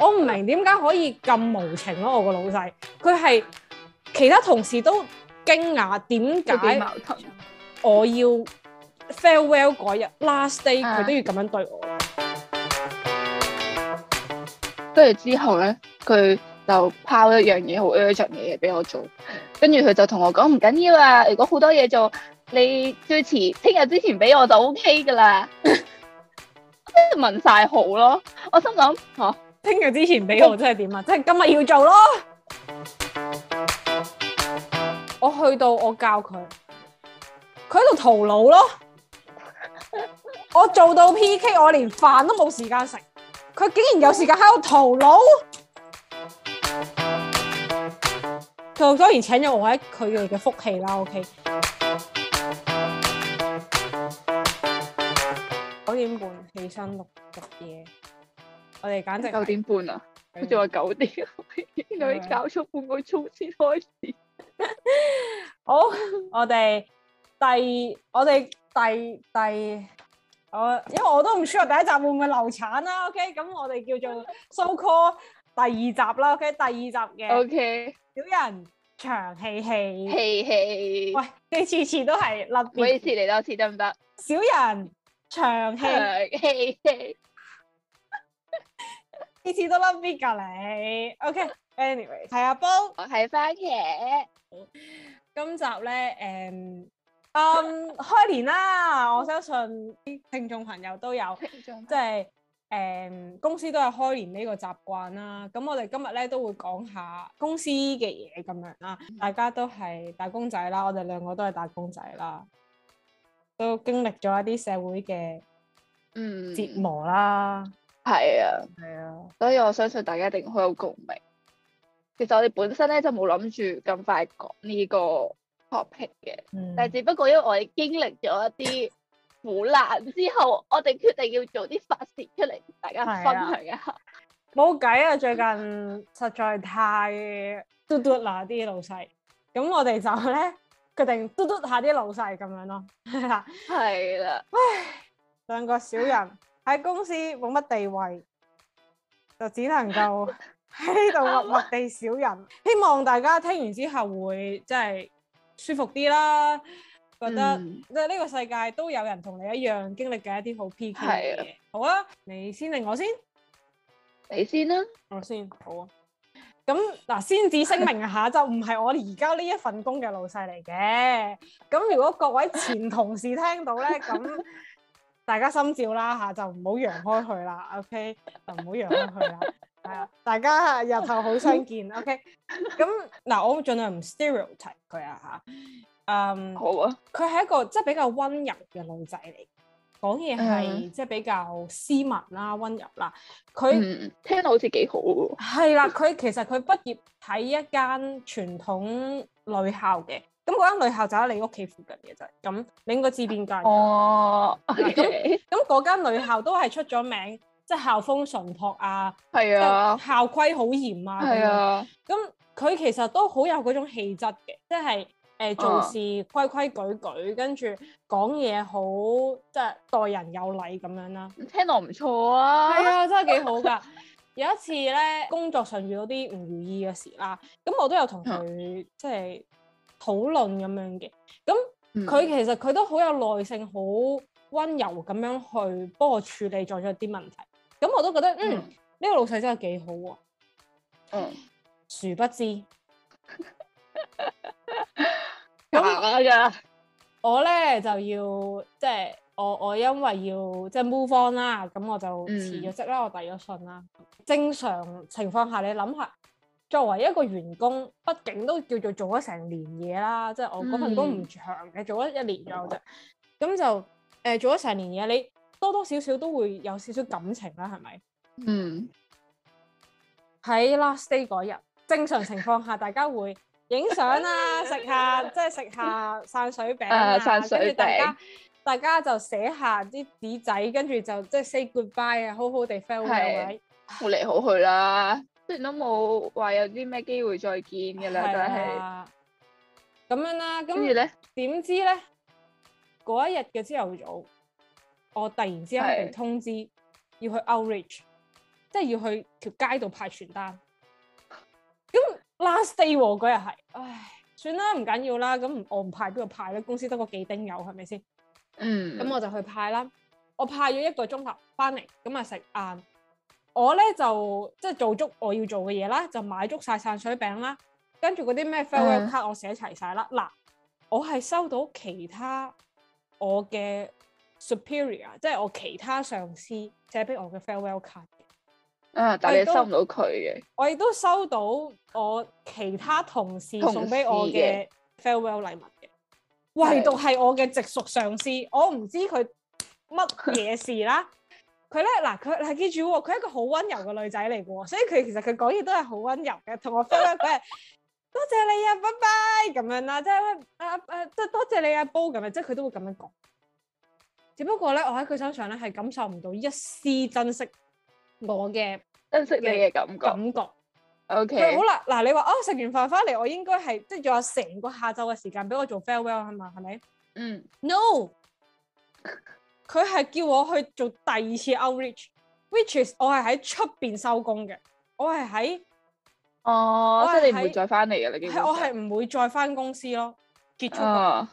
我唔明點解可以咁無情咯，我個老細，佢係其他同事都驚訝，點解我要 farewell 嗰日 last day 佢都要咁樣對我？跟住之後咧，佢就拋一樣嘢好 urgent 嘅嘢俾我做，跟住佢就同我講唔緊要啊，如果好多嘢做，你最遲聽日之前俾我就 OK 噶啦。跟住問晒好咯，我心諗吓。聽日之前俾我真，即係點啊？即係今日要做咯。 我去到我教佢，佢喺度徒勞咯。 我做到 P K，我連飯都冇時間食。佢 竟然有時間喺度徒勞。佢 當然請咗我係佢哋嘅福氣啦。O K，九點半起身錄錄嘢。我哋簡直九點半啊！跟住對我九點，你 搞錯半個鐘先開始。 好，我哋第我哋第第我，因為我都唔 sure 第一集會唔會流產啦。OK，咁我哋叫做收、so、call 第二集啦。OK，第二集嘅。OK，小人長氣氣氣氣。Hey, hey. 喂，你次次都係甩，每次嚟多次得唔得？小人長氣氣氣。Hey, hey, hey. 次次都 love 邊個你？OK，anyways，係啊，Bob，我係番茄。好，今集咧，誒，嗯，開年啦，我相信啲聽眾朋友都有，即係、 就是，誒、um,，公司都有開年呢個習慣啦。咁我哋今日咧都會講下公司嘅嘢咁樣啦。嗯、大家都係打工仔啦，我哋兩個都係打工仔啦，都經歷咗一啲社會嘅嗯折磨啦。嗯係啊，係啊，所以我相信大家一定好有共鳴。其實我哋本身咧就冇諗住咁快講呢個 topic 嘅，嗯、但係只不過因為我哋經歷咗一啲苦難之後，我哋決定要做啲發洩出嚟，大家分享一下。冇計啊，最近實在太嘟嘟 d 啦啲老細，咁我哋就咧決定嘟嘟下啲老細咁樣咯。係 啦，啊，係啦，唉，兩個小人。 喺公司冇乜地位，就只能夠喺呢度默默地小人。希望大家聽完之後會真係舒服啲啦，覺得呢個世界都有人同你一樣經歷嘅一啲好 PK 嘅嘢。好啊，你先定我先，你先啦，我先好啊。咁嗱，先至聲明下，就唔係我而家呢一份工嘅老細嚟嘅。咁如果各位前同事聽到咧，咁。大家心照啦嚇，就唔好揚開佢啦。OK，就唔好揚開佢啦。係啊，大家日後好相見。OK，咁嗱， 我盡量唔 stereotype 佢啊嚇。嗯，好啊。佢係一個即係、就是、比較溫柔嘅女仔嚟，講嘢係即係比較斯文啦、啊、溫柔啦、啊。佢、嗯、聽到好似幾好喎、啊。係 啦、啊，佢其實佢畢業喺一間傳統女校嘅。咁嗰間女校就喺你屋企附近嘅啫，咁你應該知邊間？哦，咁咁嗰間女校都係出咗名，即係校風淳樸啊，係啊，校規好嚴啊，係啊，咁佢其實都好有嗰種氣質嘅，即係誒做事規規矩矩，跟住講嘢好，即係待人有禮咁樣啦。聽落唔錯啊，係啊，真係幾好㗎！ 有一次咧，工作上遇到啲唔如意嘅事啦，咁我都有同佢、嗯、即係。討論咁樣嘅，咁佢其實佢都好有耐性，好溫柔咁樣去幫我處理咗咗啲問題。咁我都覺得，嗯，呢、嗯、個老細真係幾好喎、啊。嗯，殊不知。咁啊，噶我咧就要即係、就是、我我因為要即係、就是、move on 啦，咁我就、嗯、辭咗職啦，我遞咗信啦。正常情況下，你諗下。作為一個員工，畢竟都叫做做咗成年嘢啦，即係我嗰份工唔長嘅，做咗一年左右啫。咁就誒做咗成年嘢，你多多少少都會有少少感情啦，係咪？嗯。喺 last day 嗰日，正常情況下大家會影相啊，食下即係食下散水餅啊，散水餅。跟住大家大家就寫下啲紙仔，跟住就即係 say goodbye 啊，好好地 farewell。係。好嚟好去啦。都冇話有啲咩機會再見嘅啦，就係咁樣啦。跟住咧，點知咧嗰一日嘅朝頭早，我突然之間被通知是要去 outreach，即係要去條街度派傳單。咁 last day 嗰日係，唉，算啦，唔緊要啦。咁我唔派邊度派咧？公司得個幾丁友係咪先？是是嗯。咁我就去派啦。我派咗一個鐘頭，翻嚟咁啊食晏。我咧就即係做足我要做嘅嘢啦，就買足晒散水餅啦，跟住嗰啲咩 farewell card 我寫齊晒啦。嗱、嗯，我係收到其他我嘅 superior，即係我其他上司寫俾我嘅 farewell card 嘅。啊，但係收唔到佢嘅。我亦都收到我其他同事送俾我嘅 farewell 禮物嘅，唯獨係我嘅直屬上司，我唔知佢乜嘢事啦。 佢咧，嗱，佢係記住喎，佢係一個好溫柔嘅女仔嚟嘅喎，所以佢其實佢講嘢都係好溫柔嘅。同我 farewell 嗰日，多謝你啊，拜拜咁樣啦、啊，即係阿阿即係多謝你阿煲咁樣，即係佢都會咁樣講。只不過咧，我喺佢身上咧係感受唔到一絲珍惜我嘅珍惜你嘅感覺。感覺。O Okay . K。好啦嗱，你話哦，食完飯翻嚟，我應該係即係仲有成個下晝嘅時間俾我做 farewell 啊嘛，係咪、嗯？嗯，no。 佢係叫我去做第二次 outreach, which is 我係喺出邊收工嘅，我係喺哦，oh，我即係你唔會再翻嚟嘅，呢件事係我係唔會再翻公司咯，結束。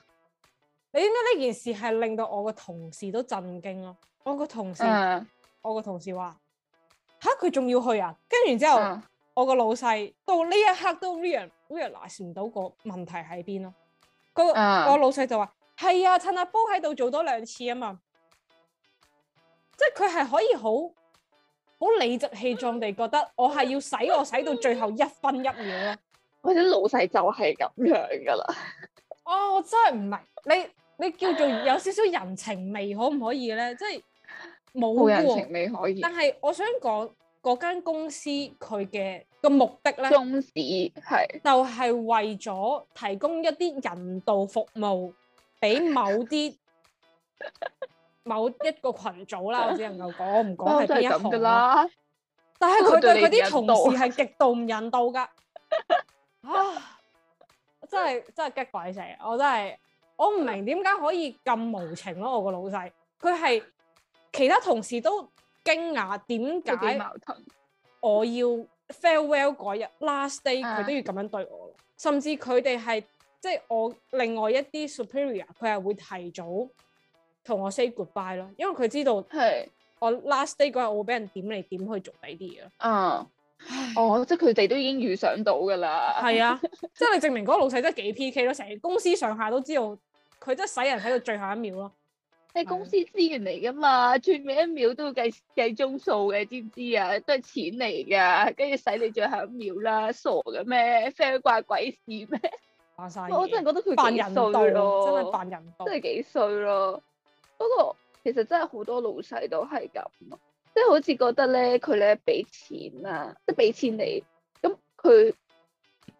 你點解呢件事係令到我個同事都震驚咯？我個同事，uh。我個同事話吓佢仲要去啊？跟住之後，uh。我個老細到呢一刻都 real，realize 唔到個問題喺邊咯。個個、uh。老細就話係啊，趁阿波喺度做多兩次啊嘛。即係佢係可以好好理直氣壯地覺得我係要使我使到最後一分一秒咯。或者老細就係咁樣噶啦。哦，我真係唔明，你你叫做有少少人情味可唔可以咧？即係冇人情味可以。但係我想講嗰間公司佢嘅個目的咧，宗旨係就係為咗提供一啲人道服務俾某啲。 某一個羣組啦，我只能夠講唔講係邊一行啦。但係佢對佢啲同事係極度唔人道㗎。啊！真係真係激鬼死！我真係我唔明點解可以咁無情咯！我個老細佢係其他同事都驚訝，點解我要 farewell 嗰日 last day 佢都要咁樣對我？甚至佢哋係即係我另外一啲 superior，佢係會提早，同我 say goodbye 咯，因為佢知道是我 last day 嗰日我會俾人點嚟點去做低啲嘢咯。啊，唉哦，即係佢哋都已經預想到㗎啦。係啊， 即係你證明嗰個老細真係幾 PK 咯，成日公司上下都知道佢真係使人喺到最後一秒咯。係 公司資源嚟㗎嘛，最尾一秒都要計計鐘數嘅，知唔知啊？都係錢嚟㗎，跟住使你最後一秒啦，傻嘅咩？f i 想怪鬼事咩？我真係覺得佢扮人衰咯，真係幾衰咯。不過其實真係好多老細都係咁，即係好似覺得咧佢咧俾錢啊，即係俾錢你，咁佢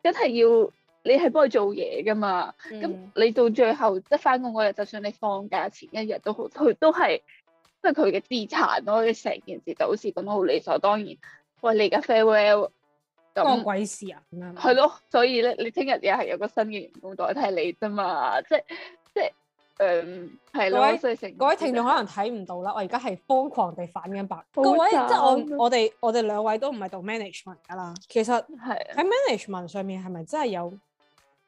一係要你係幫佢做嘢噶嘛。咁、嗯、你到最後即係翻工嗰日，就算你放假前一日都好，佢都係即係佢嘅資產咯。你成件事就好似講得好理所當然。喂，你而家 farewell，就當鬼事啊？係咯，所以咧，你聽日又係有個新嘅員工代替你啫嘛，即係即係。誒，嗯、各位各位聽眾可能睇唔到啦，的我而家係瘋狂地反映白。各位即係我我哋我哋兩位都唔係讀 management 㗎啦，其實喺 management 上面係咪真係有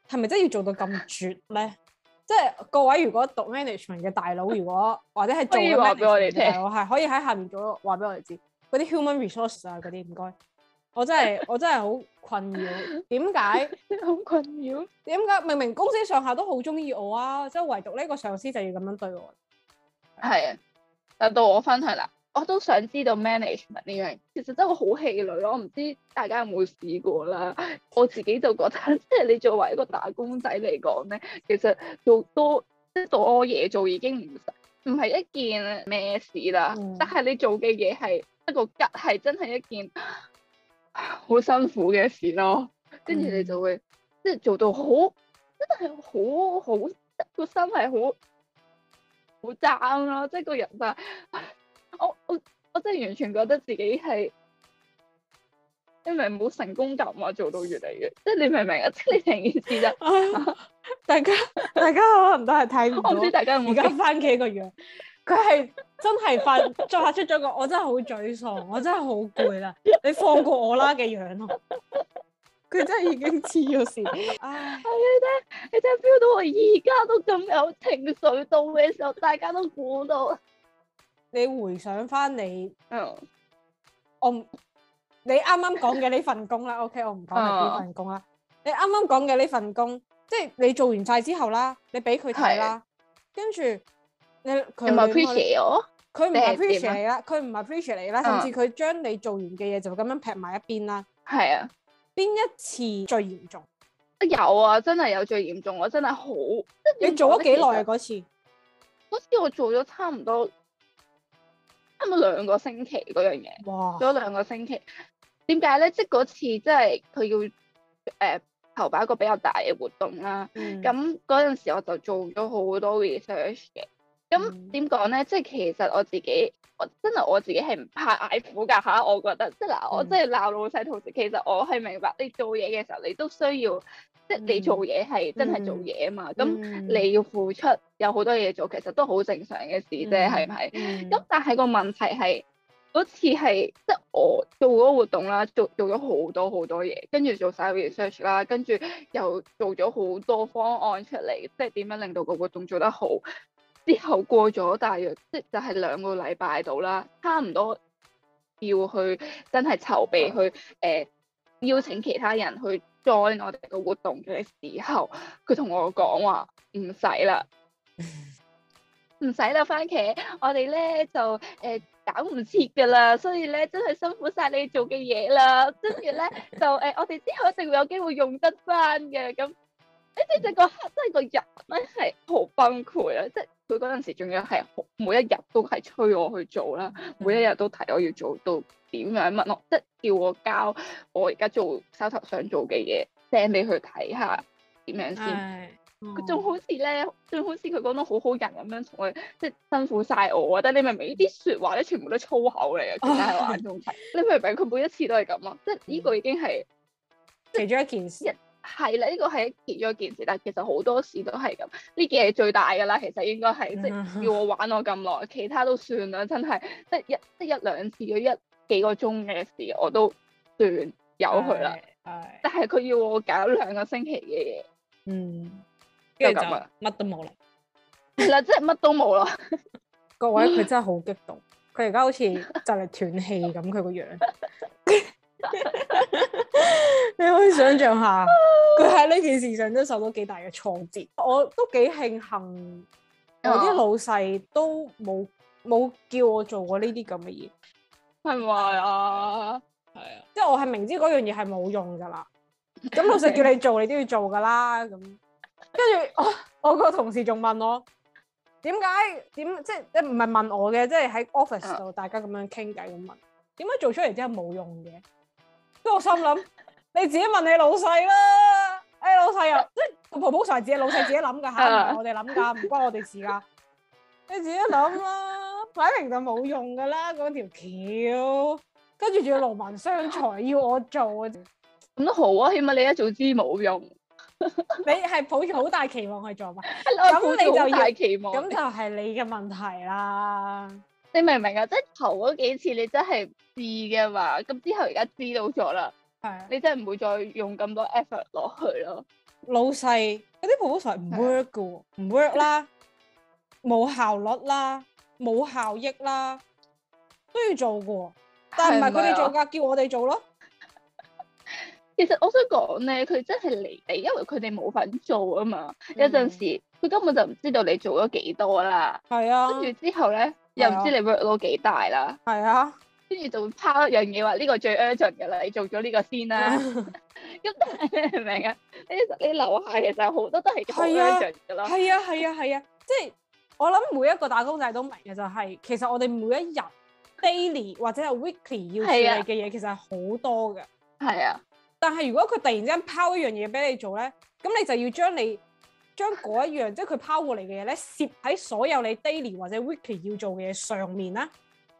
係咪真係要做到咁絕咧？ 即係各位如果讀 management 嘅大佬，如果或者係做咗 management 我係可以喺下面講話俾我哋知，嗰啲 human resources 啊嗰啲唔該。我真係我真係好困擾，點解好困擾？點解明明公司上下都好中意我啊，即係唯獨呢個上司就要咁樣對我？係啊，但到我分享啦，我都想知道 management 呢、這、樣、個、嘢。其實真係好氣餒咯，唔知大家有冇試過啦？我自己就覺得，即係你作為一個打工仔嚟講咧，其實做多即係多嘢做已經唔唔係一件咩事啦。嗯、但係你做嘅嘢係一個吉，係真係一件。好辛苦嘅事咯，跟住、嗯、你就會即係、就是、做到好，真係好好個心係好好爭咯，即係、就是、個人就我我我真係完全覺得自己係因為冇成功感，但係做到越嚟越，即、就、係、是、你明唔明你啊？即係成件事就大家大家可能都係睇唔到我，唔知大家而家番茄個樣。佢係真係發，再下出咗個，我真係好沮喪， 我真係好攰啦，你放過我啦嘅樣咯，佢真係已經黐咗線。係咧， 你真係 feel 到我而家都咁有情緒到嘅時候，大家都估到。你回想翻你，oh. 我，你啱啱講嘅呢份工啦，oh.，OK，我唔講第呢份工啦。Oh. 你啱啱講嘅呢份工，即係你做完晒之後啦，你俾佢睇啦，跟住，oh.。佢唔 appreciate 你啦，佢唔 appreciate 你啦，嗯、甚至佢將你做完嘅嘢就咁樣劈埋一邊啦。係啊、嗯，邊一次最嚴重？有啊，真係有最嚴重，我真係好。你做咗幾耐啊？嗰次？嗰次我做咗差唔多差唔多兩個星期嗰樣嘢。哇！做咗兩個星期，點解咧？即係嗰次，即係佢要誒籌備一個比較大嘅活動啦、啊。咁嗰陣時我就做咗好多 research 嘅。咁點講咧？即係其實我自己，我真係我自己係唔怕挨苦噶吓。我覺得即係嗱，嗯、我真係鬧老細同時，其實我係明白你做嘢嘅時候，你都需要、嗯、即係你做嘢係真係做嘢嘛。咁、嗯、你要付出，有好多嘢做，其實都好正常嘅事啫，係唔係？咁、嗯、但係個問題係，好似係即係我做嗰個活動啦，做做咗好多好多嘢，跟住做晒 research 啦，跟住又做咗好多方案出嚟，即係點樣令到個活動做得好。之後過咗大約即就係兩個禮拜度啦，差唔多要去真係籌備去誒邀請其他人去 join 我哋個活動嘅時候，佢同我講話唔使啦，唔使啦，番茄我哋咧就誒搞唔切㗎啦，所以咧真係辛苦晒你做嘅嘢啦，跟住咧就誒我哋之後一定會有機會用得翻嘅，咁一啲整個真係個人咧係好崩潰啊，即係。佢嗰陣時仲要係每一日都係催我去做啦，嗯、每一日都提我要做到點樣，問我即係叫我交我而家做手頭想做嘅嘢 send 俾佢睇下點樣先。佢仲、哎嗯、好似咧，仲好似佢講到好好人咁樣，同佢即係辛苦晒我。但你明唔明？呢啲說話咧全部都粗口嚟嘅，喺我眼中睇。你明唔明？佢每一次都係咁咯，嗯、即係呢個已經係其中一件事。 係啦，呢個係結咗件事，但係其實好多事都係咁。呢件係最大㗎啦，其實應該係即係要我玩我咁耐，其他都算啦。真係即係一即一兩次一幾個鐘嘅事，我都算有佢啦。但係佢要我搞兩個星期嘅嘢，嗯，跟住就乜都冇啦。係啦 即係乜都冇咯。各位佢真係好激動，佢而家好似就嚟斷氣咁，佢個樣。 你可以想象下，佢喺呢件事上都受到幾大嘅挫折。我都幾慶幸我啲、哦、老細都冇冇叫我做過呢啲咁嘅嘢，係咪啊？係啊，即係我係明知嗰樣嘢係冇用噶啦。咁 老細叫你做，你都要做噶啦。咁跟住我我個同事仲問我點解點即係你唔係問我嘅，即係喺 office 度大家咁樣傾偈咁問點解做出嚟之後冇用嘅？我心諗你自己問你老細啦，誒，老細又即係婆婆就係，老細自己諗噶吓，唔係我哋諗噶，唔關我哋事噶，你自己諗啦，擺明就冇用噶啦，嗰條橋，跟住仲要勞民傷財，要我做，咁都好啊，起碼你一早知冇用，你係抱住好大期望去做嘛，咁你就好大期望，咁就係你嘅問題啦。你明唔明啊？即係頭嗰幾次你真係試嘅話，咁之後而家知道咗啦，係啊，你真係唔會再用咁多 effort 落去咯。老細嗰啲 proposal 唔 work 嘅，唔 work 啦，冇效率啦，冇效益啦，都要做嘅。但係唔係佢哋做噶，叫我哋做咯。其實我想講咧，佢真係離地，因為佢哋冇份做啊嘛。有陣時佢根本就唔知道你做咗幾多啦。係啊，跟住之後咧。又唔知你 work 到 o 幾大啦，係啊，跟住就會拋一樣嘢話呢個最 urgent 嘅啦，你做咗呢個先啦。咁 但係你明啊？你其實你留下其實好多都係咁 urgent 嘅咯。係啊係啊係啊，啊，啊，即係我諗每一個打工仔都明嘅就係、係，其實我哋每一日 daily 或者係 weekly 要處理嘅嘢、啊、其實係好多嘅。係啊，但係如果佢突然之間拋一樣嘢俾你做咧，咁你就要將你。將嗰一樣，即係佢拋過嚟嘅嘢咧，攝喺所有你 daily 或者 weekly 要做嘅嘢上面啦。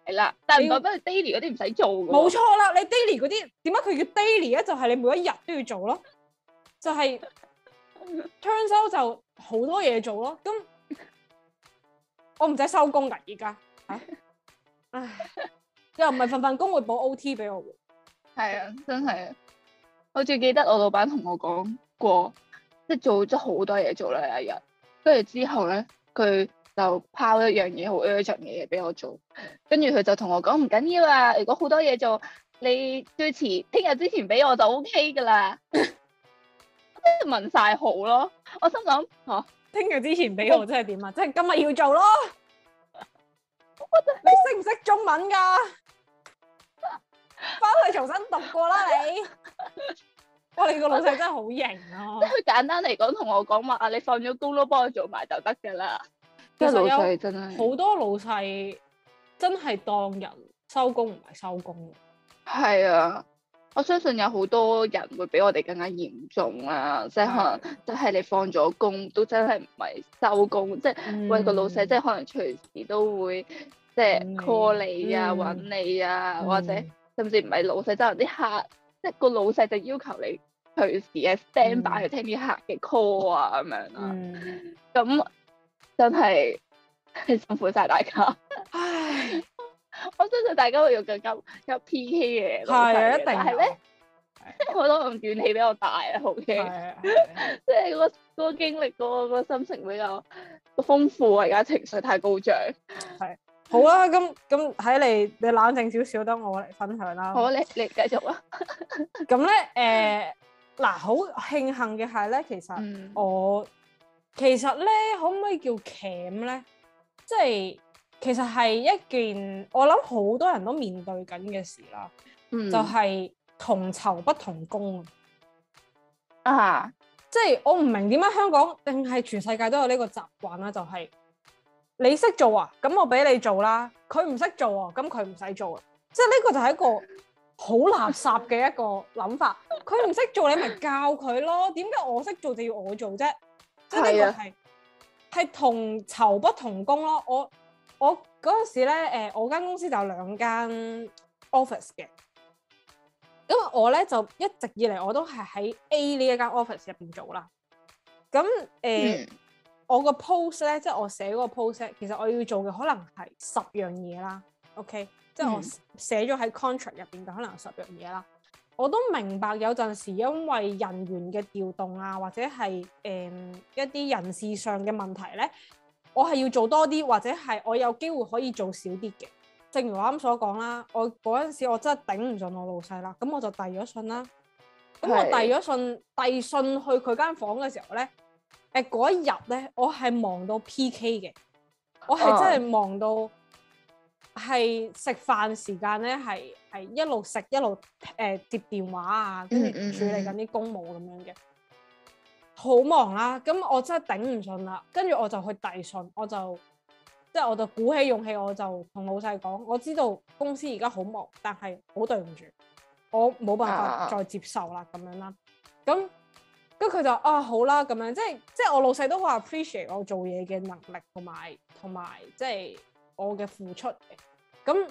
係啦，但係唔代表 daily 嗰啲唔使做嘅。冇錯啦，你 daily 嗰啲點解佢叫 daily 咧？就係、是、你每一日都要做咯。就係 t 修就好多嘢做咯。咁、嗯、我唔使收工㗎，而家啊，唉，又唔係份份工會補 OT 俾我喎。係啊，真係。我仲記得我老闆同我講過。即係做咗好多嘢做啦一日，跟住之後咧，佢就拋一樣嘢，好 urgent 嘅嘢俾我做，跟住佢就同我講，唔緊要啊，如果好多嘢做，你最遲聽日之前俾我就 OK 噶啦，即係問晒好咯。我心諗吓，聽日之前俾我即係點啊？即係 今日要做咯。 我覺得你識唔識中文噶？翻 去重新讀過啦你。 哇！你個老細真係好型啊。即係 簡單嚟講，同我講話啊，你放咗工都幫我做埋就得㗎啦。即係老細真係好多老細真係當人收工唔係收工。係啊，我相信有好多人會比我哋更加嚴重啊，即係可能即係你放咗工都真係唔係收工，即係嗯、喂個老細，即係可能隨時都會即係嗯、call 你啊、揾、嗯、你啊，嗯、或者甚至唔係老細，即係啲客，即係個老細就要求你。隨時嘅 stand by 去聽啲客嘅 call 啊咁樣啦，咁真係辛苦晒大家。唉，我相信大家會用更加有 PK 嘅，係一定。但係咧，我可能怨氣比較大啊，好驚。即係嗰個嗰個經歷，嗰個嗰個心情比較豐富啊，而家情緒太高漲。係，好啊，咁咁睇嚟，你冷靜少少，等我嚟分享啦。好咧，你繼續啦。咁咧，誒。嗱，好、啊、慶幸嘅係咧，其實我、嗯、其實咧可唔可以叫僾咧？即係其實係一件我諗好多人都面對緊嘅事啦，嗯、就係同酬不同工啊！即係我唔明點解香港定係全世界都有呢個習慣啦？就係、是、你識做啊，咁我俾你做啦；佢唔識做啊，咁佢唔使做啊！做即係呢個就係一個好垃圾嘅一個諗法，佢唔識做你咪教佢咯，點解我識做就要我做啫？即係呢個係係同酬不同工咯。我我嗰陣時咧，誒，我間公司就有兩間 office 嘅，咁我咧就一直以嚟我都係喺 A 呢一間 office 入邊做啦。咁誒，我個 post 咧，即係我寫嗰個 post，其實我要做嘅可能係十樣嘢啦。OK。嗯、即係我寫咗喺 contract 入邊就可能有十樣嘢啦，我都明白有陣時因為人員嘅調動啊，或者係誒、嗯、一啲人事上嘅問題咧，我係要做多啲，或者係我有機會可以做少啲嘅。正如我啱所講啦，我嗰陣時我真係頂唔順我老細啦，咁我就遞咗信啦。咁是我遞咗信，遞信去佢間房嘅時候咧，誒嗰一日咧，我係忙到 PK 嘅，我係真係忙到、哦。嗯係食飯時間咧，係係一路食一路誒、呃、接電話啊，跟住處理緊啲公務咁樣嘅，好忙啦，啊。咁我真係頂唔順啦，跟住我就去遞信，我就即係、就是、我就鼓起勇氣，我就同老細講，我知道公司而家好忙，但係好對唔住，我冇辦法再接受啦咁，啊、樣啦。咁跟佢就啊，好啦，咁樣即係即係我老細都話 appreciate 我做嘢嘅能力同埋同埋即係。我嘅付出嘅，咁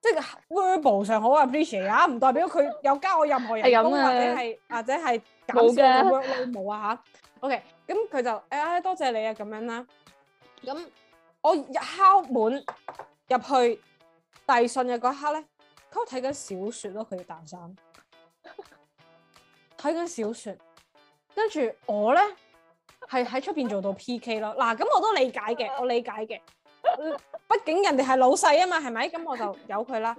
即係、就是、verbal 上好 appreciate 啊，唔 代表佢有加我任何人工 或者係或者係搞嘅 workload 冇啊吓，OK，咁佢就哎呀多謝你啊咁樣啦，咁我一敲門入去遞信嘅嗰刻咧，佢睇緊小說咯、啊，佢大三睇緊小說，跟住我咧係喺出邊做到 PK 咯，嗱咁我都理解嘅，我理解嘅。 畢竟人哋係老細啊嘛，係咪？咁我就由佢啦。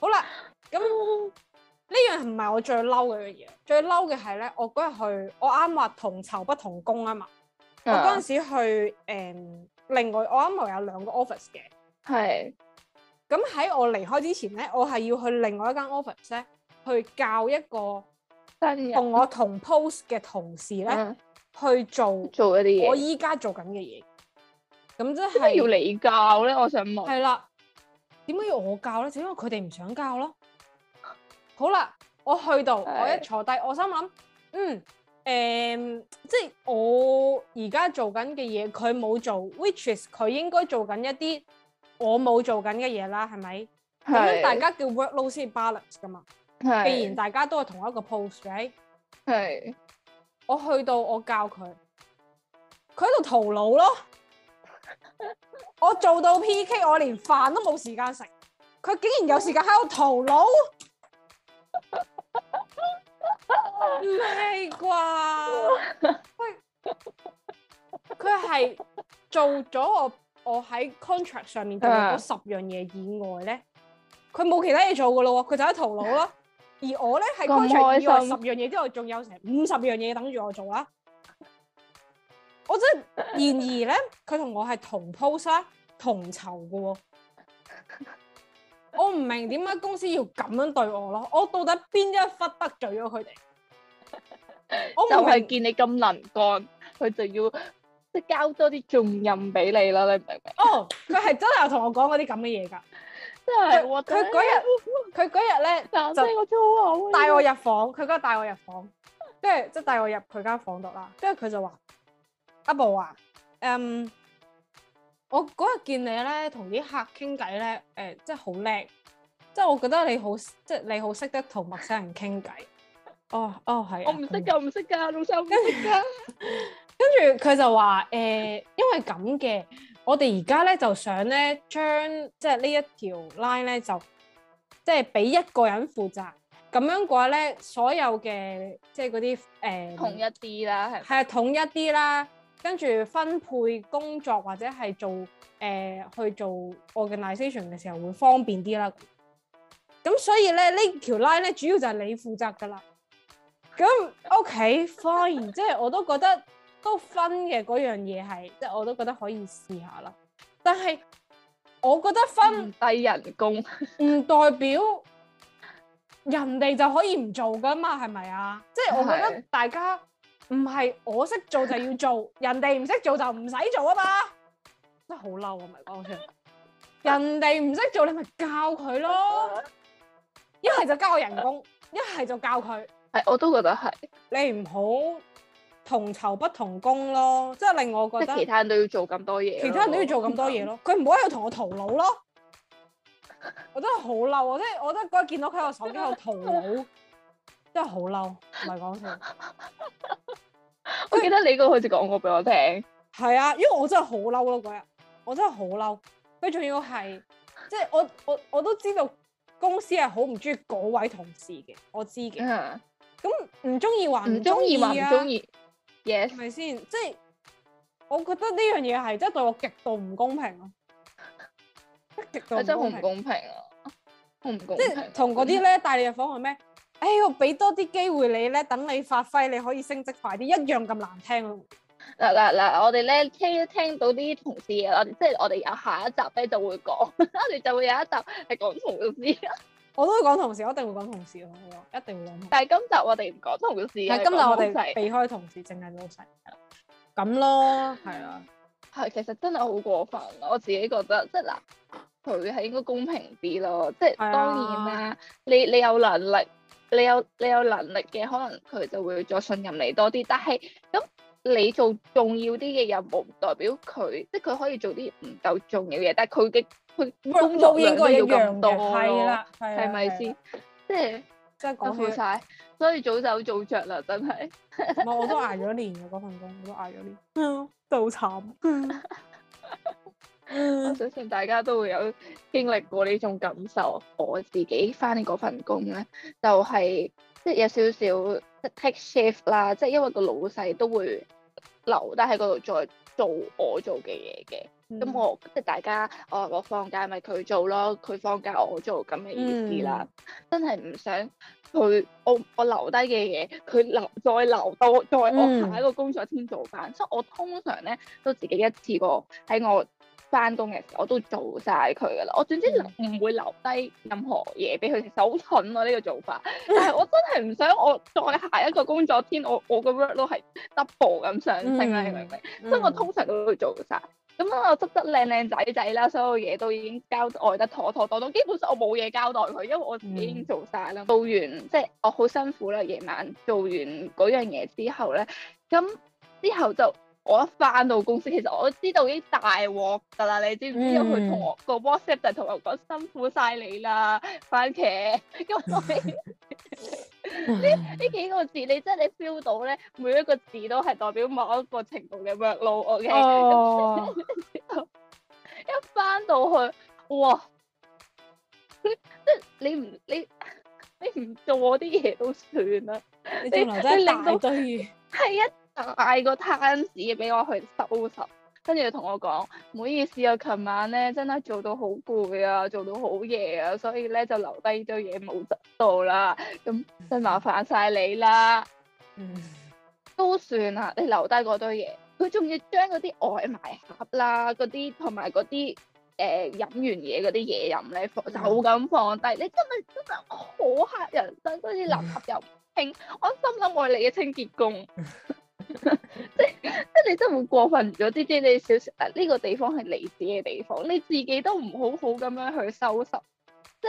好啦，咁呢 樣唔係我最嬲嘅樣嘢。最嬲嘅係咧，我嗰日去，我啱話同酬不同工啊嘛。我嗰陣時去誒、嗯，另外我啱咪有兩個 office 嘅。係是。咁喺我離開之前咧，我係要去另外一間 office 咧，去教一個同我同 post 嘅同事咧、啊、去做做一啲嘢。我依家做緊嘅嘢。咁即係要你教咧，我想問。係啦，點解要我教咧？就因為佢哋唔想教咯。好啦，我去到的我一坐低，我心諗，嗯誒、嗯，即係我而家做緊嘅嘢，佢冇做，which is 佢應該做緊一啲我冇做緊嘅嘢啦，係咪？咁的樣大家叫 workload 先 balance 噶嘛？的既然大家都係同一個 post、right？係的。我去到我教佢，佢喺度徒勞咯。我做到 P K，我連飯都冇時間食。佢竟然有時間喺度徒勞，係啩？ 喂，佢係做咗我我喺 contract 上面做嗰十樣嘢以外咧，佢冇 Yeah. 其他嘢做噶咯喎，佢就喺徒勞咯。而我咧係 contract 以外十樣嘢之後，仲有成五十樣嘢等住我做啊！我真呢，然而咧，佢同我係同 post 同酬嘅，哦，我唔明點解公司要咁樣對我咯？我到底邊一忽得罪咗佢哋？ 我唔係。就係見你咁能幹，佢就要即係交多啲重任俾你啦。你唔明？哦，佢係真係有同我講嗰啲咁嘅嘢噶，即係。 佢嗰日，佢嗰日咧就帶我入房，佢嗰日帶我入房，跟住即係帶我入佢間房度啦，跟住佢就話。阿布啊，嗯，我嗰日見你咧，同啲客傾偈咧，誒、呃，真係好叻，即係我覺得你好，即係你好識得同陌生人傾偈。哦，哦係。啊、我唔識噶，唔識噶，老細唔識噶 跟住佢就話，誒、呃，因為咁嘅，我哋而家咧就想咧，將即係呢一條 line 咧就，即係俾一個人負責，咁樣嘅話咧，所有嘅即係嗰啲誒，統、呃、一啲啦，係。係啊，統一啲啦。跟住分配工作或者係做誒、呃、去做 organisation 嘅時候會方便啲啦。咁所以咧呢條 line 咧主要就係你負責㗎喇。咁 OK fine， 即係我都覺得都分嘅嗰樣嘢係，即係我都覺得可以試下啦。但係我覺得分低人工唔 代表人哋就可以唔做㗎嘛，係咪啊？ 即係我覺得大家。唔係我識做就要做，人哋唔識做就唔使做啊嘛！真係好嬲啊！咪講出嚟，人哋唔識做你咪教佢咯，一係就交我人工，一係就教佢。係，我都覺得係。你唔好同酬不同工咯，即係令我覺得。即係其他人都要做咁多嘢。其他人都要做咁多嘢咯，佢唔好喺度同我淘腦咯！我真係好嬲啊！即係我真係嗰日見到佢喺度手機度淘腦。真係好嬲，唔係講笑以。我記得你嗰個好似講過俾我聽。係啊，因為我真係好嬲咯嗰日，我真係好嬲。佢仲要係，即係我我我都知道公司係好唔中意嗰位同事嘅，我知嘅。嗯。咁唔中意話唔中意話唔中意，yes，係咪先？即係我覺得呢樣嘢係，真係對我極度唔公平咯，極度唔公平啊，好唔公平。即係同嗰啲咧，帶你入房係咩？哎，我俾多啲機會你咧，等你發揮，你可以升職快啲，一樣咁難聽。嗱嗱嗱，我哋咧聽聽到啲同事啊，即係我哋有下一集咧就會講，我哋就會有一集係講同事啊。我都會講同事，我一定會講同事咯，一定會講。但係今集我哋唔講同事，但係今日我哋避開同事，淨係冇曬。咁咯，係啊，係其實真係好過分咯，我自己覺得，即係嗱，佢係應該公平啲咯，即係當然啦，你你有能力。你有你有能力嘅，可能佢就會再信任你多啲。但係咁你做重要啲嘅任務，代表佢即係佢可以做啲唔夠重要嘅嘢。但係佢嘅佢工作量都要咁多，係啦，係咪先？即係即係講好晒，所以早就做着啦，真係。 唔係，我都挨咗年嘅嗰份工，我都挨咗年，都好慘。 我相信大家都會有經歷過呢種感受。 我自己翻嗰份工咧，就係即係有少少 take shift 啦，即、就、係、是、因為個老細都會留低喺嗰度再做我做嘅嘢嘅。咁、嗯、我即係大家，我我放假咪佢、就是、做咯，佢放假我做咁嘅意思啦。嗯、真係唔想佢我我留低嘅嘢，佢留再留到再我下一個工作先做翻。嗯、所以我通常咧都自己一次過喺我。翻工嘅時候我都做曬佢噶啦，我總之唔會留低任何嘢俾佢，其實好蠢啊呢個做法。但係我真係唔想我再下一個工作天，我我嘅 work 都係 double 咁上升啦，你明唔明？所以，我通常都會做曬。咁啦，我執得靚靚仔仔啦，所有嘢都已經交代得妥妥當當，基本上我冇嘢交代佢，因為我自己已經做曬啦。做完即係我好辛苦啦，夜晚做完嗰樣嘢之後咧，咁之後就。我一翻到公司，其實我知道已經大鑊噶啦，你知唔知、嗯？佢同我個 WhatsApp 就同我講辛苦晒你啦，番茄，咁為呢呢幾個字你真係 feel 到咧，每一個字都係代表某一個程度嘅虐路。O K、哦、 一翻到去，哇，即係你唔你你唔做啲嘢都算啦，你你令到堆，啊。嗌個攤子俾我去收拾，跟住就同我講唔好意思啊，琴晚咧真係做到好攰啊，做到好夜啊，所以咧就留低堆嘢冇執到啦，咁真麻煩晒你啦。嗯，都算啦，你留低嗰堆嘢，佢仲要將嗰啲外賣盒啦、啊，嗰啲同埋嗰啲誒飲完嘢嗰啲嘢飲咧就咁放低，你真係真係好吓人，真嗰啲垃圾又唔清，我心諗我係你嘅清潔工。 即即你真會過分咗啲啲，即你小少呢、啊這個地方係離子嘅地方，你自己都唔好好咁樣去收拾。即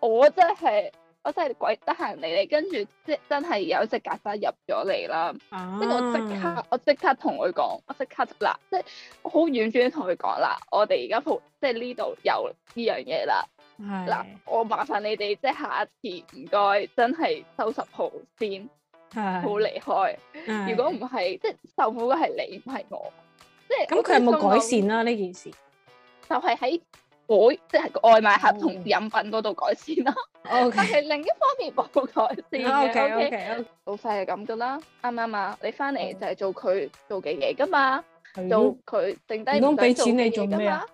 我真係我真係鬼得閒嚟，你跟住即，即真係有一隻曱甴入咗嚟啦。跟住我即刻、啊、我即刻同佢講，我即刻，我即刻啦，即好婉轉同佢講啦。我哋而家鋪即呢度有呢樣嘢啦。嗱，我麻煩你哋即下一次唔該，真係收拾好先。好厲 害！如果唔係，即係受苦嘅係你唔係我，即係咁佢有冇改善啦？呢件事就係喺改，即係個外賣盒同飲品嗰度改善咯。但係另一方面冇改善嘅。O、okay, K okay ,、okay. 老細係咁噶啦，啱啱啊？你翻嚟就係做佢做嘅嘢噶嘛？Oh. 做佢剩低俾錢你做嘢噶嘛？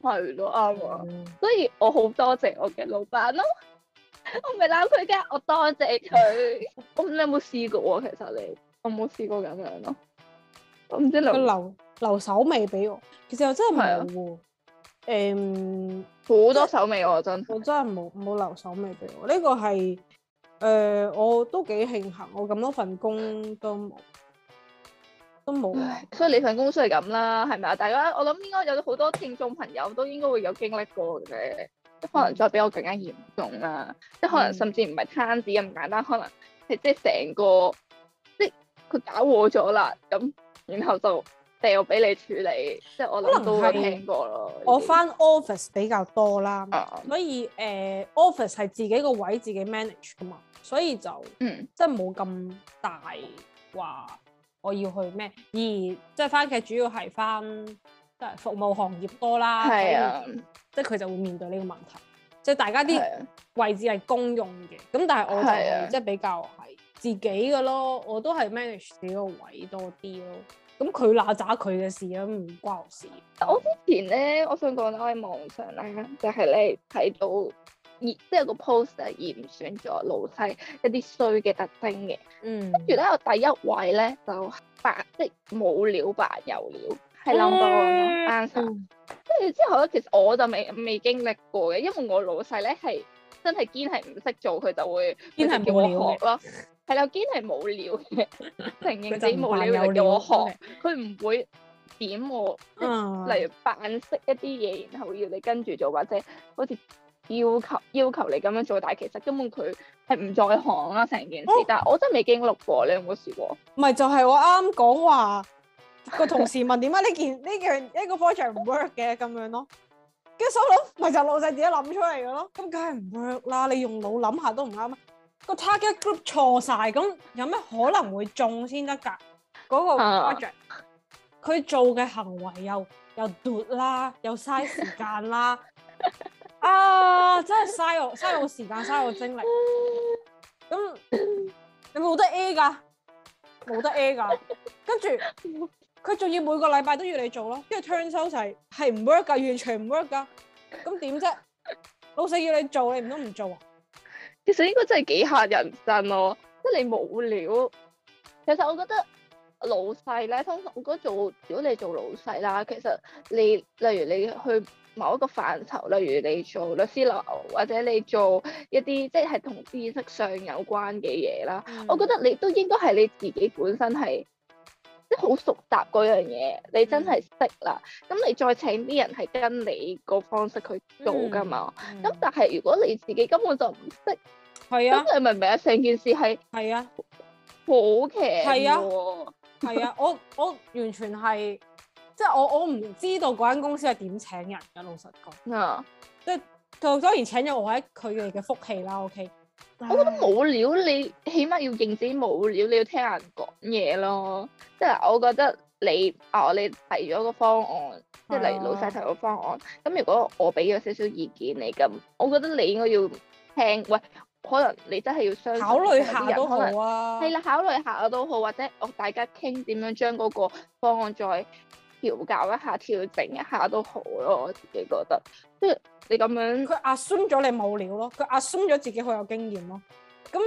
係咯，啱 啊楽。Oh. 所以我好多謝我嘅老闆咯。我唔係鬧佢嘅，我多謝佢。我你有冇試過啊？其實你，我冇試過咁樣咯。我唔知留留留手尾俾我。其實又真係冇嘅。誒，好多手尾我真。我真係冇冇留手尾俾我。呢個係誒，我都幾慶幸，我咁多份工都都冇。所以你份工雖係咁啦，係咪啊？大家我諗應該有好多聽眾朋友都應該會有經歷過嘅。即可能再比我更加嚴重啦、啊！嗯、即可能甚至唔係攤子咁簡單，可能係即成個即佢搞錯咗啦，咁然後就掉俾你處理。即我諗都會聽過咯。我返 office 比較多啦，嗯、所以誒、呃、office 係自己個位自己 manage 㗎嘛，所以就即冇咁大話我要去咩？而即返劇主要係返。服務行業多啦，啊、即係佢就會面對呢個問題。即係大家啲位置係公用嘅，咁、啊、但係我就即係比較係自己嘅咯。我都係 manage 自己個位多啲咯。咁佢邋遢佢嘅事啊，唔關我事。我之前咧，我想講我喺網上咧、啊，就係咧睇到，而即係個 post 係嚴選咗老細一啲衰嘅特徵嘅。嗯，跟住咧，我第一位咧就扮即冇料扮有料。係諗到 number 咯，answer。跟住之後咧，Yeah. 其實我就未未經歷過嘅，因為我老細咧係真係堅係唔識做，佢就會堅係叫我學咯。係啦，堅係冇料嘅，平靜啲無聊又叫我學，佢唔 是會點我。 例如扮識一啲嘢，然後要你跟住做，或者好似要求要求你咁樣做，但係其實根本佢係唔在行啦，成件事。Oh. 但係我真係未經歷過，你有冇試過？唔係就係、是、我啱講話。 個同事問點解呢件呢 樣呢個 project 唔 work 嘅咁樣咯，跟住我諗，咪就老細自己諗出嚟嘅咯。咁梗係唔 work 啦，你用腦諗下都唔啱。個 target group 錯晒，咁有咩可能會中先得㗎？嗰個 project 佢做嘅行為又又 d u 啦，又嘥時間啦。 啊！真係嘥我嘥我時間嘥我精力。咁有冇得 A 㗎，冇得 A 㗎，跟住。佢仲要每個禮拜都要你做咯，因為 turn 收晒係唔 work 㗎，完全唔 work 㗎。咁點啫？老細要你做，你唔通唔做啊？其實應該真係幾嚇人生咯，即係你無聊。其實我覺得老細咧，通常我覺得做，如果你做老細啦，其實你例如你去某一個範疇，例如你做律師樓，或者你做一啲即係同知識上有關嘅嘢啦，我覺得你都應該係你自己本身係。即係好熟習嗰樣嘢，嗯、你真係識啦。咁你再請啲人係跟你個方式去做㗎嘛。咁、嗯嗯、但係如果你自己根本就唔識，咁、啊、你明唔明啊？成件事係係啊，好騎係啊，係啊，我我完全係 即係我我唔知道嗰間公司係點請人㗎，老實講啊，嗯、即係當然請咗我喺佢哋嘅福氣啦，OK。對我覺得冇料，你起碼要認自己冇料，你要聽人講嘢咯。即係我覺得你啊、哦，你提咗個方案，啊、即係例如老細提個方案，咁如果我俾咗少少意見你咁，我覺得你應該要聽。喂，可能你真係要相考慮下都好啊。係啦，考慮下都好，或者我大家傾點樣將嗰個方案再。調教一下，調整一下都好咯，我自己覺得即係你咁樣。佢阿鬆咗你冇料咯，佢阿鬆咗自己好有經驗咯。咁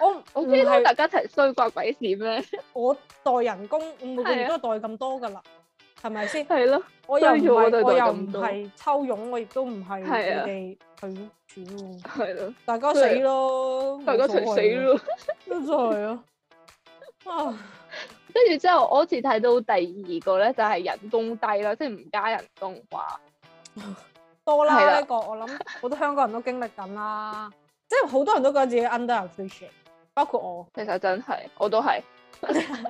我我唔知係大家一齊衰怪鬼事咩？我代人工每個月都係代咁多噶啦，係咪先？係咯。我又唔係我又唔係抽佣，我亦都唔係自己去主。係咯。大家死咯！大家一齊死咯！都係啊！啊！跟住之後，我好似睇到第二個咧，就係、是、人工低啦，即係唔加人工啩，多啦呢個。我諗好多香港人都經歷緊啦，即係好多人都覺得自己 underappreciated 包括我。其實真係，我都係。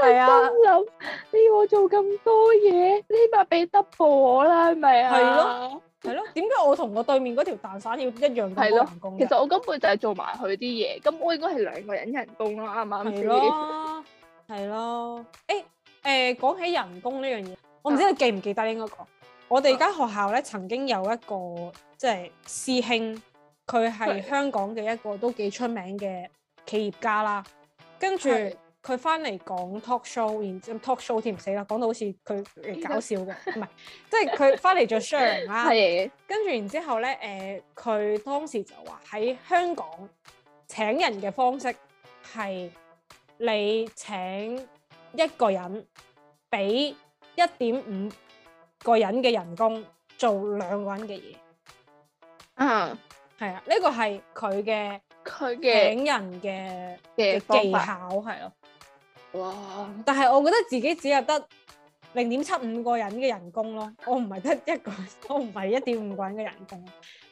係啊！心諗，你要我做咁多嘢，你起碼俾 double 我啦，係咪啊？係咯，係咯。點解我同我對面嗰條蛋散要一樣咁多人工嘅？其實我根本就係做埋佢啲嘢，咁我應該係兩個人人工啦，啱唔啱先？係咯，係咯。誒，誒，講起人工呢樣嘢，我唔知你記唔記得應該講？我哋而家學校咧，曾經有一個即係師兄，佢係香港嘅一個都幾出名嘅企業家啦，跟住。佢翻嚟講 talk show，然之後 talk show 添唔死啦，講到好似佢搞笑嘅，唔係， 即係佢翻嚟做 show 啦。係。跟住然之後咧，誒，佢當時就話喺香港請人嘅方式係你請一個人俾一點五個人嘅人工做兩個人嘅嘢。啊、嗯，係啊，呢、這個係佢嘅佢嘅請人嘅嘅技巧係咯。哇！但係我覺得自己，自己只有得零點七五個人嘅人工咯，我唔係得一個，我唔係一點五個人嘅人，人、啊、人工，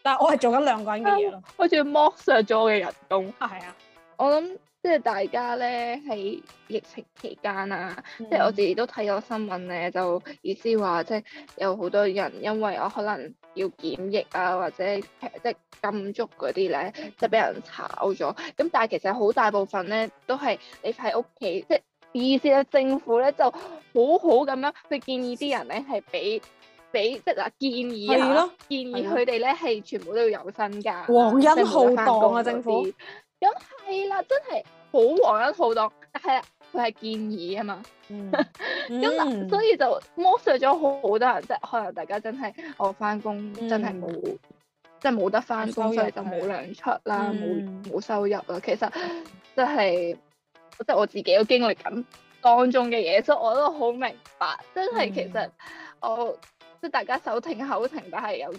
但我係做緊兩個人嘅嘢咯，好似剝削咗我嘅人工。啊，係啊！我諗即係大家咧喺疫情期間啊，嗯、即係我自己都睇咗新聞咧，就意思話即係有好多人因為我可能要檢疫啊，或者即係禁足嗰啲咧，即係俾人炒咗。咁但係其實好大部分咧都係你喺屋企即係。意思咧，政府咧就好好咁樣去建議啲人咧係俾俾即嗱建議啊，建議佢哋咧係全部都要有薪假。皇恩浩蕩啊，政府咁係啦，真係好皇恩浩蕩，但係佢係建議啊嘛。咁所以就剝削咗好好多人，即係可能大家真係我翻工真係冇，即係冇得翻工，所以就冇糧出啦，冇冇收入啊。其實即係。即係我自己都經歷緊當中嘅嘢，所以我都好明白。真係其實我即係大家手停口停，但係又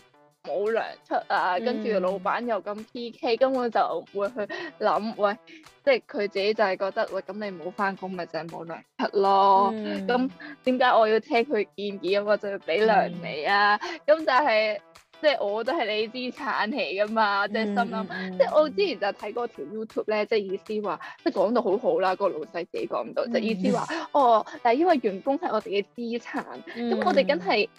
冇糧出啊。跟住、嗯、老闆又咁 PK，根本就唔會去諗。喂，即係佢自己就係覺得，喂，咁你冇翻工咪就係冇糧出咯。咁點解我要聽佢建議？我就要俾糧你啊？咁、嗯、就係、是。即係我都係你資產嚟噶嘛，嗯、即係心諗，嗯、即係我之前就睇過條 YouTube 咧，即係意思話，嗯、即係講到好好啦，個老細自己講到，即係意思話，哦，但係因為員工係我哋嘅資產，咁、嗯、我哋梗係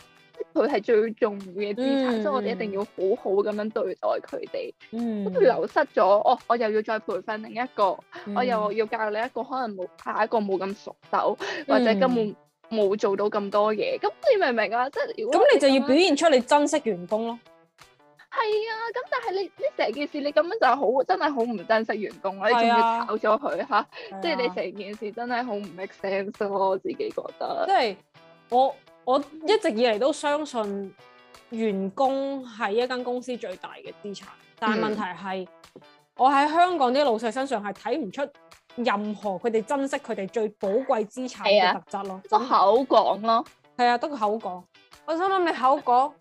佢係最重要嘅資產，嗯、所以我哋一定要好好咁樣對待佢哋。咁佢、嗯、流失咗，哦，我又要再培訓另一個，嗯、我又要教你一個，可能冇下一個冇咁熟手，或者根本……嗯冇做到咁多嘢，咁你明唔明啊？即係如果咁，你就要表現出你珍惜員工咯。係啊，咁但係你你成件事你咁樣就好真係好唔珍惜員工啊！你仲要炒咗佢吓，即係、啊啊就是、你成件事真係好唔 make sense 咯，我自己覺得。即係、啊就是、我我一直以嚟都相信員工係一間公司最大嘅資產，但係問題係我喺香港啲老細身上係睇唔出。任何佢哋珍惜佢哋最寶貴資產嘅特質咯，得口講咯，係啊，得個口講。我想諗你口講，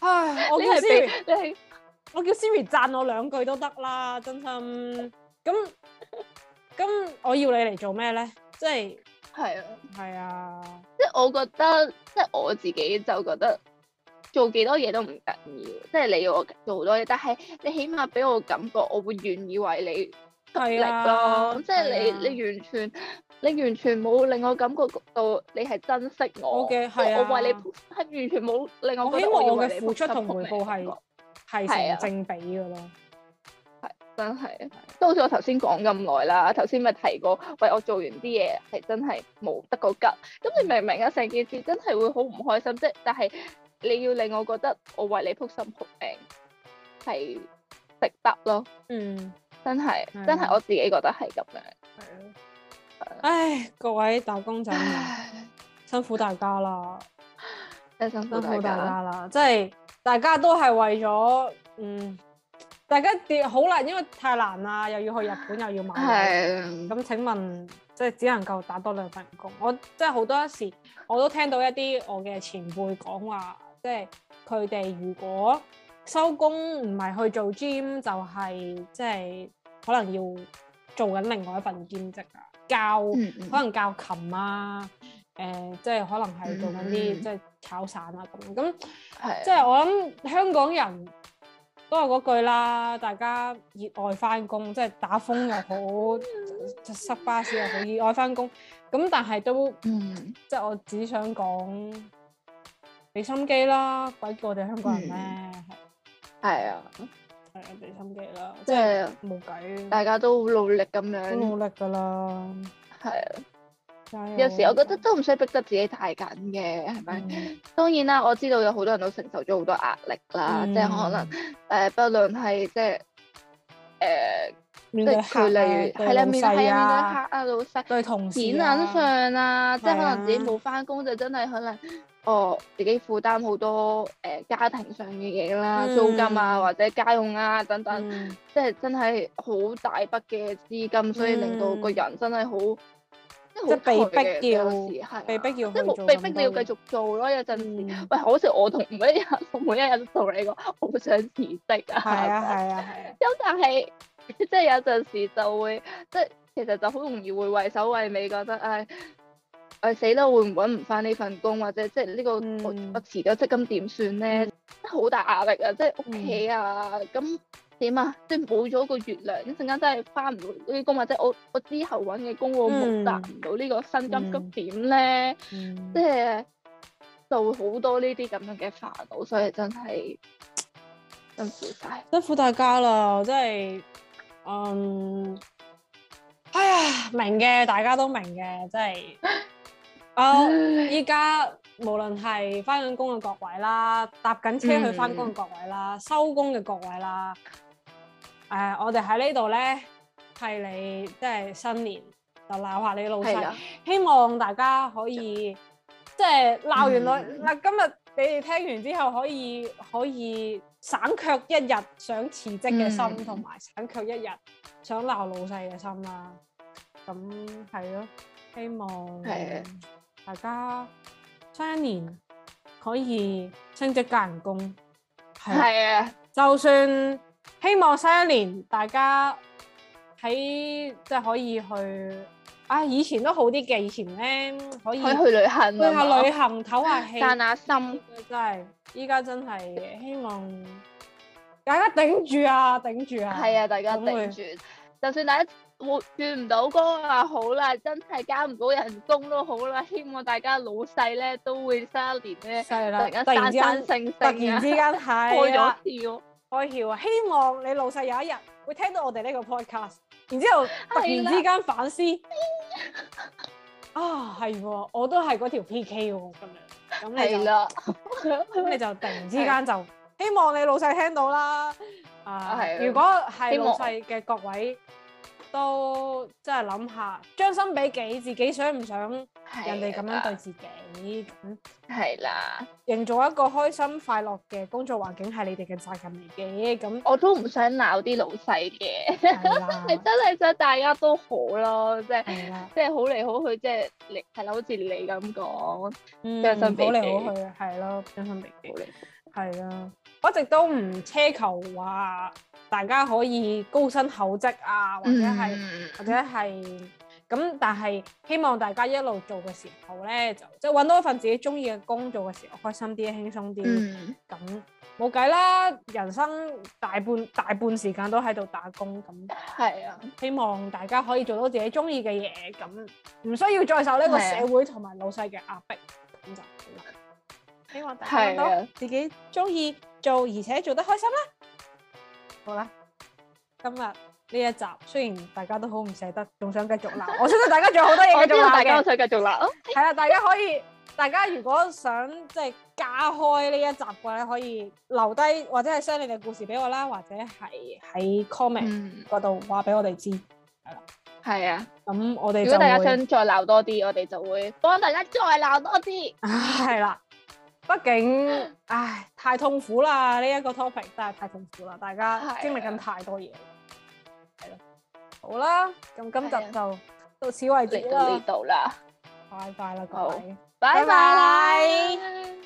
唉，我叫 Simmy，我叫 Simmy 讚我兩句都得啦，真心。咁咁，我要你嚟做咩咧？即係係啊，係啊。即係我覺得，即係我自己就覺得做幾多嘢都唔緊要，即係你要我做好多嘢，但係你起碼俾我感覺，我會願意為你。係啊，即係你，啊、你完全，你完全冇令我感覺到你係珍惜我，啊、我，我為你係完全冇令我。我希望我嘅付出同回報係係成正比噶咯，係真係，都好似我頭先講咁耐啦，頭先咪提過，喂我做完啲嘢係真係冇得個吉，咁你明唔明啊？成件事真係會好唔開心，即係但係你要令我覺得我為你撲心撲命係值得咯，嗯。真係，的真係我自己覺得係咁樣。係啊的。的唉，各位打工仔唉辛苦大家啦！辛苦大家啦！即係大家都係為咗，嗯，大家好難，因為太難啦，又要去日本，又要買嘢。係的。咁請問，即係只能夠打多兩份工。我即係好多時，我都聽到一啲我嘅前輩講話，即係佢哋如果。收工唔係去做 gym 就係、是、即係可能要做緊另外一份兼職啊，教可能教琴啊誒、呃、即係可能係做緊啲、嗯、即係炒散啊咁咁、啊、即係我諗香港人都係嗰句啦，大家熱愛翻工，即係打風又好， 塞巴士又好，熱愛翻工。咁但係都、嗯、即係我只想講俾心機啦，鬼過我哋香港人咩？嗯係啊，係啊，俾心機啦，即係冇計，大家都好努力咁樣，都好努力噶啦，係啊，有時我覺得都唔使逼得自己太緊嘅，係咪？當然啦，我知道有好多人都承受咗好多壓力啦，即係可能誒，無論係即係誒面對黑啊老細啊，對同事啊，剪影相啊，即係可能自己冇翻工就真係可能。哦，自己負擔好多誒、呃、家庭上嘅嘢啦，嗯、租金啊，或者家用啊等等，嗯、即係真係好大筆嘅資金，嗯、所以令到個人真係好即係被迫嘅有時係，被迫要即係時被迫你要，要繼續做咯。有陣時，嗯、喂，好似我同每一日，每一日都同你講，好想辭職、嗯、啊，係啊，係啊，係啊。咁但係即係有陣時就會，即係其實就好容易會畏首畏尾，覺得唉。死我死啦！會唔揾唔翻呢份工，或者即係呢個我我辭咗職咁點算咧？嗯、真係好大壓力啊！即係屋企啊，咁點、嗯、啊？即係冇咗個月糧，一陣間真係翻唔到呢啲工，嗯、或者我我之後揾嘅工我冇達唔到、嗯、呢個薪金咁點咧？嗯、即係就會好多呢啲咁樣嘅煩惱，所以真係辛苦曬，辛苦大家啦！真係，嗯，哎呀，明嘅，大家都明嘅，真係。真哦！依家、uh, mm. 無論係返緊工嘅各位啦，搭緊車去返工嘅各位啦，收工嘅各位啦，誒、呃，我哋喺呢度咧替你，即係新年就鬧下你老細，的希望大家可以、嗯、即係鬧完我嗱、嗯，今日你哋聽完之後可以可以省卻一日想辭職嘅心，同埋、嗯、省卻一日想鬧老細嘅心啦、啊。咁係咯。希望係大家新一年可以升職加人工，係啊！的就算希望新一年大家喺即係可以去啊、哎，以前都好啲嘅，以前咧可、可以去旅行，去下旅行唞嘛下氣，散下心，真係依家真係希望大家頂住啊！頂住啊！係啊！大家頂住，就算大家。我轉唔到工啊，好啦，真係加唔到人工都好啦。希望大家老細咧都會生年咧，突然之間突然之間係開咗竅，開竅啊！希望你老細有一日會聽到我哋呢個 podcast，然之後突然之間反思是的 啊，係喎，我都係嗰條 P K 喎、哦、咁樣，咁你就咁是的 你就突然之間就的希望你老細聽到啦。啊，的如果係老細嘅各位。都真係諗下，將心比己，自己想唔想人哋咁樣對自己？係是啦，營造一個開心快樂嘅工作環境係你哋嘅責任嚟嘅。咁我都唔想鬧啲老細嘅，係是、啊、 真係想大家都好咯，是啊、即係是、啊、即係好嚟好、嗯、好去，即係你係啦，好似你咁講，將心比己，好嚟好去，係咯，將心比己，嚟。係啦，我一直都唔奢求話、啊。大家可以高薪厚職啊，或者係、嗯、或者係咁，但係希望大家一路做嘅時候咧，就即係搵到一份自己中意嘅工，做嘅時候開心啲、輕鬆啲。咁冇計啦，人生大半大半時間都喺度打工，咁係啊。希望大家可以做到自己中意嘅嘢，咁唔需要再受呢個社會同埋老細嘅壓迫。咁、啊、就希望大家都自己中意做，而且做得開心啦。好啦，今日呢一集雖然大家都好唔捨得，仲想繼續鬧。我知道大家仲有好多嘢想鬧嘅。大家想繼續鬧。係啊，大家可以，大家如果想即係、就是、加開呢一集嘅咧，可以留低或者係 s h 嘅故事俾我啦，或者係喺 comment 嗰度話俾我哋知。係啦，啊的，咁我哋如果大家想再鬧多啲，我哋就會幫大家再鬧多啲。係啦、啊。畢竟，唉，太痛苦啦！呢一個 topic 真係太痛苦啦，大家經歷緊太多嘢。係咯，好啦，咁今集就到此為止，到呢度啦。拜拜啦，好，各位。拜拜。